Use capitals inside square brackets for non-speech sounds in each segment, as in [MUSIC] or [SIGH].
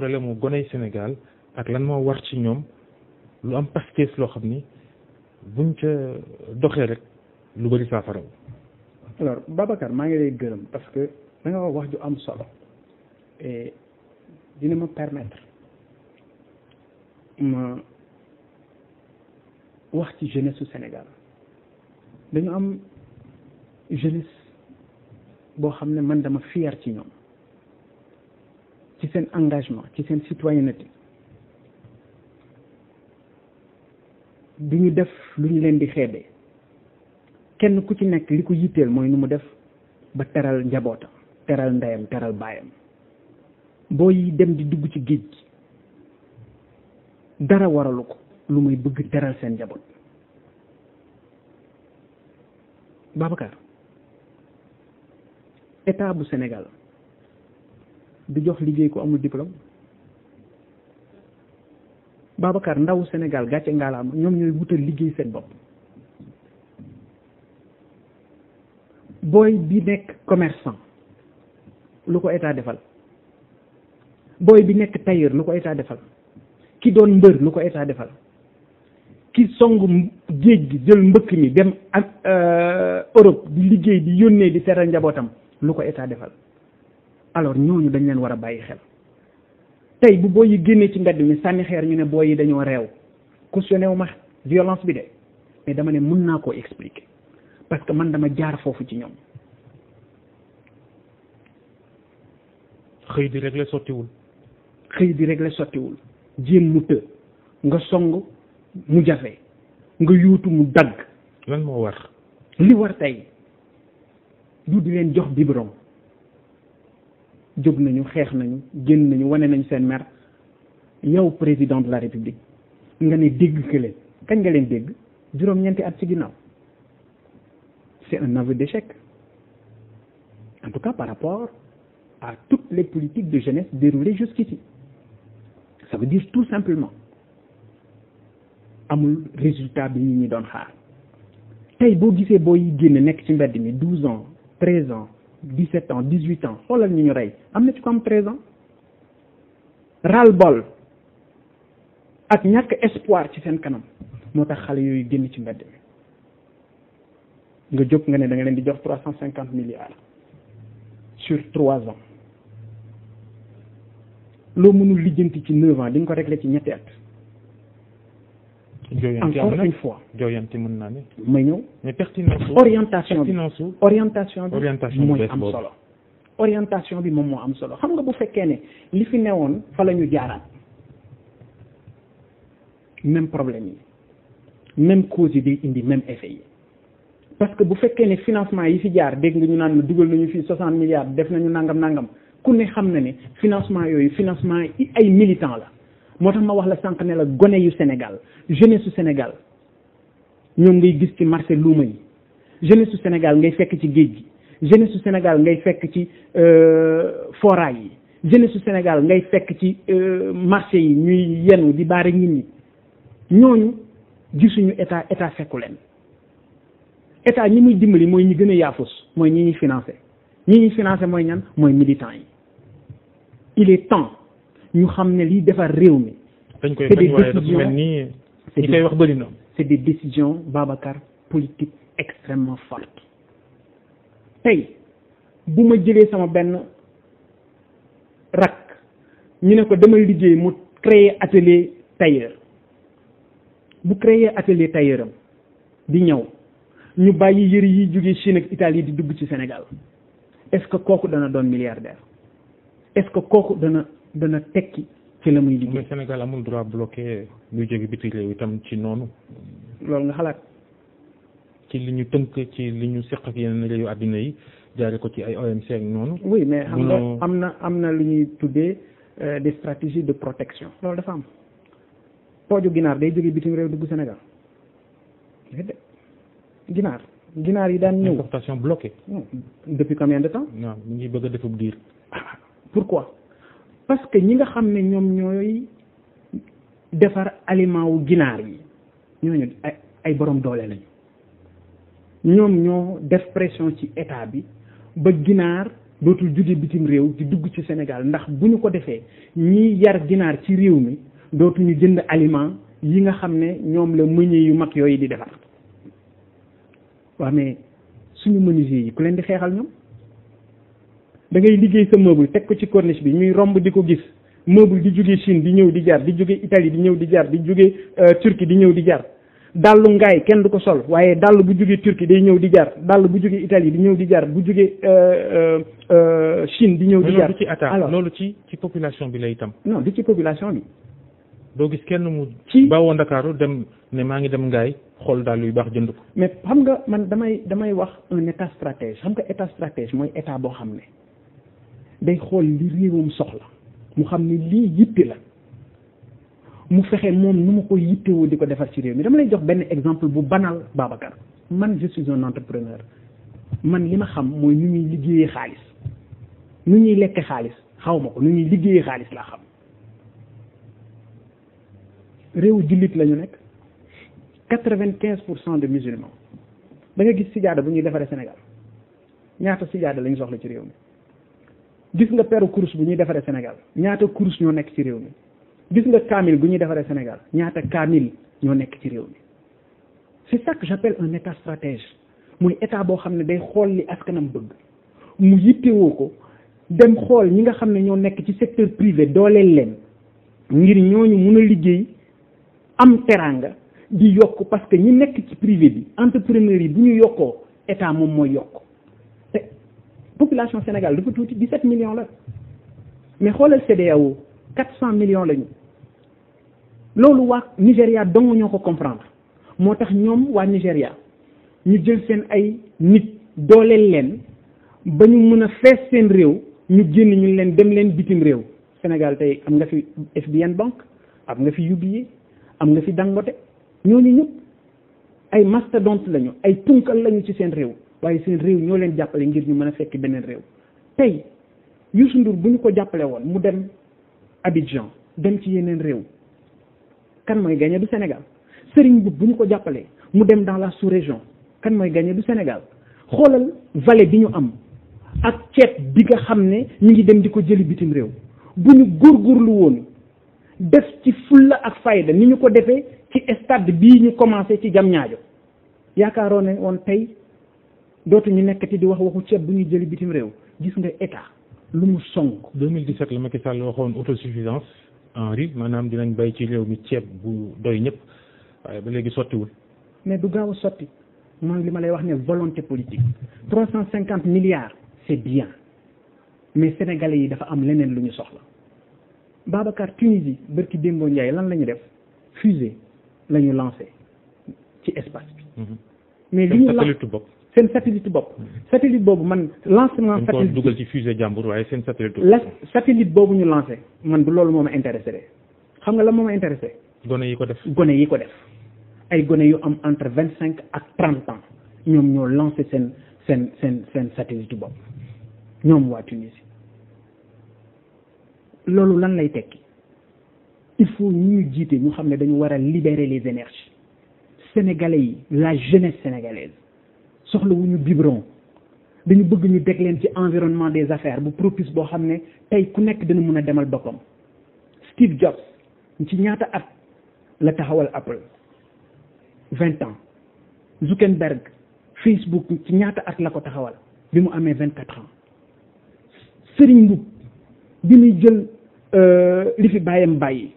problème mu goney Sénégal ak lan moo wax ci ñoom lu am pastis loo xam ni buñ ca doxee rek lu bëri saafara alors maa ngi lay gërëm parce que da nga wax ju am solo dina ma permetre ma wax ci jeunesse Sénégal dañu am jeunesse boo xam ne man dama fier ci ñoom ci seen engagement ci seen citoyenneté du ñu def lu ñu leen di xeebee kenn ku ci nekk li ko yitteel mooy nu mu def ba teral njaboota teral ndeyam teral baayam boo dem di dugg ci géej dara waralu ko lu muy bëgg teral seen njaboot Babacar état bu Sénégal di jox liggéey ko amul diplôme Babacar ndaw Sénégal gàcce ngaalaama ñoom ñooy wutal liggéey seen bopp booy bi nekk commerçant lu ko état defal booy bi nekk tailleur lu ko état defal ki doon mbër lu ko état defal ki song géej gi jël mbëkk mi dem ak euh, Europe di liggéey di yónnee di seetal njabootam lu ko état defal alors ñooñu dañ leen war a bàyyi xel tey bu booy yi génnee ci mbedd mi sànni xeer ñu ne booy yi dañoo réew cautionné wu ma violence bi de mais dama ne mën naa koo expliquer parce que man dama jaar foofu ci ñoom. xëy di régler sottiwul. xëy di régler sottiwul jéem mu të nga song mu jafe nga yuutu mu dagg. lan moo war. li war tey du di leen jox biberon. jóg nañu xeex nañu génn nañu wane nañu seen mer yow président de la république nga ne dégg ka leen kañ nga leen dégg juróom-ñeenti at ci ginnaaw c'est un aveu d'échec en tout cas par rapport à toutes les politiques de jeunesse déroulées jusqu'ici ça veut dire tout simplement amul résultat bi ñu ñi doon xaar tey boo gisee booy génn nekk ci mbedd mi douze ans treize ans 17 ans 18 ans xoolal ñu ñu rey am na ci ko am 13 ans ras-le-bol ak ñàkk espoir ci seen kanam moo tax xale yooyu génn ci mbedd mi nga jóg nga ne da leen di jox cinquante milliards sur 3 ans loo mënul lijjanti ci 9 ans di nga ko régler ci ñetti at. en encore une fois jooyanti mën naa ne ma ñëw mais pertinence orientation bi orientation bi mooy am solo orientation bi moom moo am solo xam nga bu fekkee ne li fi newoon fa la ñu jaaraat même problème yi même cause yi day indi même effet yi parce que bu fekkee ne financement yi fi jaar dégg nga ñu naan dugal nañu fi soixante milliards def nañu nangam nangam ku ne xam na ne financement yooyu financement ay militant la moo tax ma wax la sànq ne la gone yu Sénégal jeunesse su Sénégal ñoom ngay gis ci marché luuma yi jeunesse su Sénégal ngay fekk ci géej gi jeunesse su Sénégal ngay fekk ci euh, foraay yi jeunesse su Sénégal ngay fekk ci euh, marché yi ñuy yenu di baare nit ñi ñooñu gisuñu état état fekku leen état ñi muy dimbali mooy ñi gën a yaafus mooy ñi ñuy financé ñi ñuy financé mooy ñan mooy militant yi il est temps ñu xam ne liy defar réew mi. dañ koy bañ waaye dafa mel ni ñi koy wax bëri na. c'est des décisions Babacar politique extrêmement forte tey bu ma jëlee sama benn rak ñu ne ko damay liggéey mu créer atelier tailleur bu créer atelier tailleur di ñëw ñu bàyyi yëri yi jóge Chine ak Italie di dugg ci Sénégal est-ce que kooku dana doon milliardaire est-ce que kooku dana dana tekki ci la muy liggéey. mais Sénégal amul droit bloqué luy jóge biti réew itam ci noonu. loolu nga xalaat. ci li ñu tënk ci li ñu seq ak yeneen réew àddina yi jaare ko ci ay OMC ak noonu. oui mais xam am na am na lu ñuy tuddee euh, des stratégies de protection. loolu dafa am pooju ginaar day jóge bitim réew dugg Sénégal ginaar. ginaar yi daan ñëw importation bloquée. depuis combien de temps. waaw mu ngi bëgg a defub diir. Ah, pourquoi. parce que ñi nga xam ne ñoom ñooy defar aliment wu ginaar yi ñooñu ay ay borom doole lañu ñoom ñoo def pression ci état bi ba ginaar dootul juge bitim réew di dugg ci Sénégal ndax bu ñu ko defee ñiy yar ginaar ci réew mi dootuñu jënd aliment yi nga xam ne ñoom la meññee yu mag yooyu di defar waa mais suñu menuisier yi ku leen di xeexal ñoom. da ngay liggéey sa meuble teg ko ci corniche bi ñuy romb di ko gis meuble di jóge Chine di ñëw di jaar di jóge Italie di ñëw di jaar di jóge euh, Turquie di ñëw di jaar dàllu ngaay kenn du ko sol waaye dàll bu jóge Turquie day ñëw di jaar dàll bu jóge Italie di ñëw di jaar bu jóge euh, euh, Chine di ñëw di jaar ci attaque loolu ci ci population bi la itam no di ci population bi doo gis kenn mu ci bawoo Ndakaaru dem ne maa ngi dem ngaay xool daal yu baax jënd ko mais xam nga man damay damay wax un état stratège état stratège mooy état boo xam ne day xool li réewam soxla mu xam ni lii yitte la mu fexe moom nu ma ko yittewoo di ko defar ci réew mi dama lay jox benn exemple bu banaal Babacar man je suis entrepreneur man li ma xam mooy nu ñuy liggéeyee xaalis nu ñuy lekke xaalis xaw ko nu ñuy liggéeyee xaalis laa xam réew jullit la ñu nekk quatre-vingt-quinze pour cent de musulmans da nga gis sijaada bu ñuy defaree Sénégal ñaata sijaada la ñu soxla ci réew mi gis nga peru course bu ñuy defaree Sénégal ñaata course ñoo nekk ci réew mi gis nga kaamil bu ñuy defaree Sénégal ñaata kaamil ñoo nekk ci réew mi c'est ça que j'appelle un état stratège mooy état boo xam ne day xool li askanam bëgg mu yittewoo ko dem xool ñi nga xam ne ñoo nekk ci secteur privé dooleel leen ngir ñooñu mun a liggéey am teraanga di yokk parce que ñi nekk ci privé bi entrepreneur yi bu ñu yokkoo état moom mooy yokk population Sénégal dafa tuuti 17 millions la mais xoolal CEDEAO 400 cent la ñu loolu waa Nigéria dong ñoo ko comprendre moo tax ñoom waa Nigéria ñu jël seen ay nit dooleel leen ba ñu mën a fees seen réew ñu génn ñu leen dem leen bitim réew Sénégal tey am nga fi FBN banque am nga fi UBA am nga fi Dangote ñooñu ñëpp ay mastodonte lañu ay tunkal lañu ci seen réew. waaye seen réew ñoo leen jàppale ngir ñu mën a fekk beneen réew tey yu Ndour bu ñu ko jàppale woon mu dem Abidjan dem ci yeneen réew kan mooy gagné du Sénégal Serigne Mboup bu ñu ko jàppale mu dem dans la sous-région kan mooy gagné du Sénégal xoolal vallée bi ñu am ak ceeb bi nga xam ne ñu ngi dem di ko jëli bitim réew bu ñu góorgóorlu woon def ci fulla ak fayda ni ñu ko defee ci stade bii ñu commencé ci jam ñaajo yaakaaroon ne woon tey dootu dootuñu nekkati di wax waxu ceeb bu ñuy jëli bitim réew gis nga état lu mu song. 2017 ma ki Sall waxoon autosuffisance en riz maanaam dinañ béy ci réew mi ceeb bu doy ñëpp waaye ba léegi sottiwul. mais du gaaw a sotti mooy li ma lay wax ne volonté politique 350 milliards c'est bien mais sénégalais yi dafa am leneen lu ñu soxla Babacar Tunisie bërki démboo Ndiaye lan la ñu def fusée la ñu ci espace bi. Mm-hmm. mais li ñu la seen satellite bopp satellite boobu man lancé naa satellite dugal ci fusée jàmbur waaye seen satellite la satellite boobu ñu lancé man du loolu moom ma intéressé de xam nga la moo ma intéressé gone yi ko def gone yi ko def ay gone yu am entre vingt cinq ak trente ans ñoom ñoo lancé seen seen seen seen satellite bopp ñoom waa Tunisie loolu lan lay tekki il faut ñuy jiite ñu xam ne dañu war a libérer les énergies sénégalais yi la jeunesse sénégalaise soxlawuñu biberon dañu bëgg ñu deg leen ci environnement des affaires bu propice boo xam ne tey ku nekk dina mën a demal boppam Steve Jobs ci ñaata at la taxawal Apple vingt ans Zuckerberg Facebook ci ñaata at la ko taxawal bi mu amee vingt quatre ans Serigne bu bi muy jël euh, li fi bàyyam bàyyi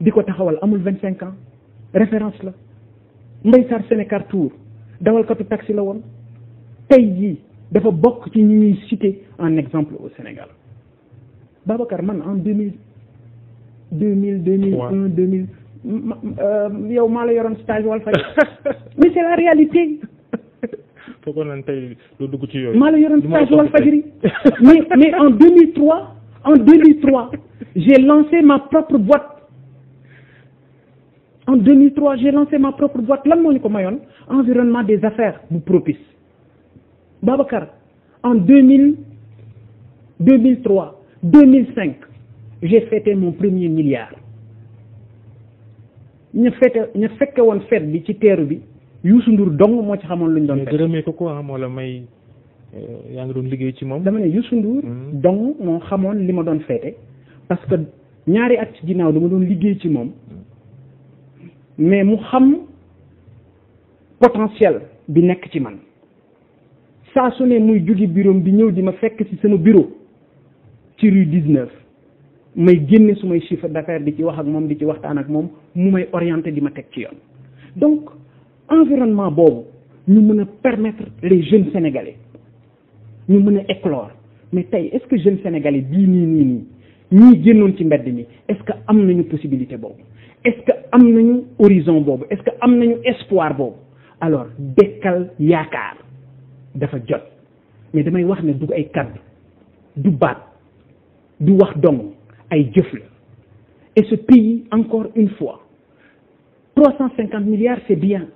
di ko taxawal amul vingt cinq ans référence la Mbaye Sarr Sénécar Tour dawalkatu taxi la woon tey jii dafa bokk ci ñu ñuy cité en exemple au Sénégal Babacar man en deux mille deux mille deux mille un deux mille euh, yow maa la yoroon stage wal faj [LAUGHS] mais c'est la réalité [LAUGHS] foogoon nañ tey lu dugg ci yooyu maa la yoroon stage wal fajri mais mais en deux mille trois en deux mille trois j'ai lancé ma propre boîte en deux mille trois j'ai lancé ma propre boîte lan moo ñu ko mayoon environnement des affaires bu propice Babacar en deux mille deux mille trois deux mille cinq j'ai fêté mon premier milliard ñu fête ñu fekke woon fête bi ci teeru bi Youssou nduur dong moo ci xamoon lu ñu doon fête. gërëmee la may euh, yaa ngi doon liggéey ci moom. dama ne Youssou Ndour. Hmm. xamoon li ma doon fête parce que ñaari at ci ginnaaw dama doon liggéey ci moom mais mu xam potentiel bi nekk ci man. saa su ne muy jóge bureau di ñëw di ma fekk ci sama bureau ci rue 19 may génne su may chiffre d'affaires di ci wax ak moom di ci waxtaan ak moom mu may orienté di ma teg ci yoon donc environnement boobu ñu mën a permettre les jeunes sénégalais ñu mën a éclore mais tey est-ce que jeunes sénégalais bii nii nii nii ñii génnoon ci mbedd mi est-ce que am nañu possibilité boobu est-ce que am nañu horizon boobu est-ce que am nañu espoir boobu alors dafa jot mais damay wax ne du ay kàddu du baat du wax dong ay jëf la et ce pays encore une fois trois cent cinquante milliards c'est bien